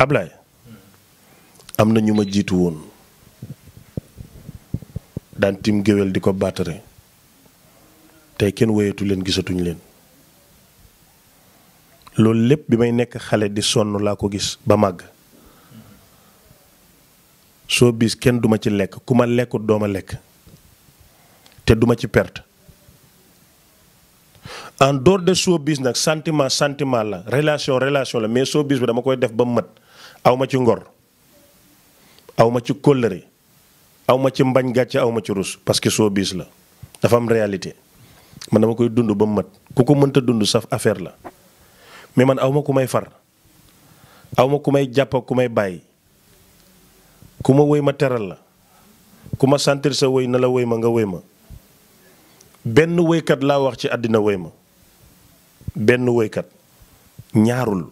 Ablaye am na ñu ma jiitu woon daan tim géwél di ko baatare tey kenn woyatu leen gisatuñ leen loolu lépp bi may nekk xale di sonn laa ko gis ba màgg soo bis kenn duma ci lekk ku ma lekkut dooma lekk te duma ci perte en dehors de showbiz nag sentiment sentiment la relation relation la mais showbiz bi dama koy def ba mu mat aw ma ci ngor aw ma ci kóllëre aw ma ci mbañ gàcce aw ma ci rus parce que soo biis la dafa am réalité na ma koy dund ba mu mat ku ko mënta dund saf affaire la mais man aw ma ku may far aw ma ku may jàpp ku may bàyyi ku ma woy ma teral la ku ma sentir sa woy na la wéy ma nga wéy ma benn woykat laa wax ci àddina woy ma benn wéykat ñaarul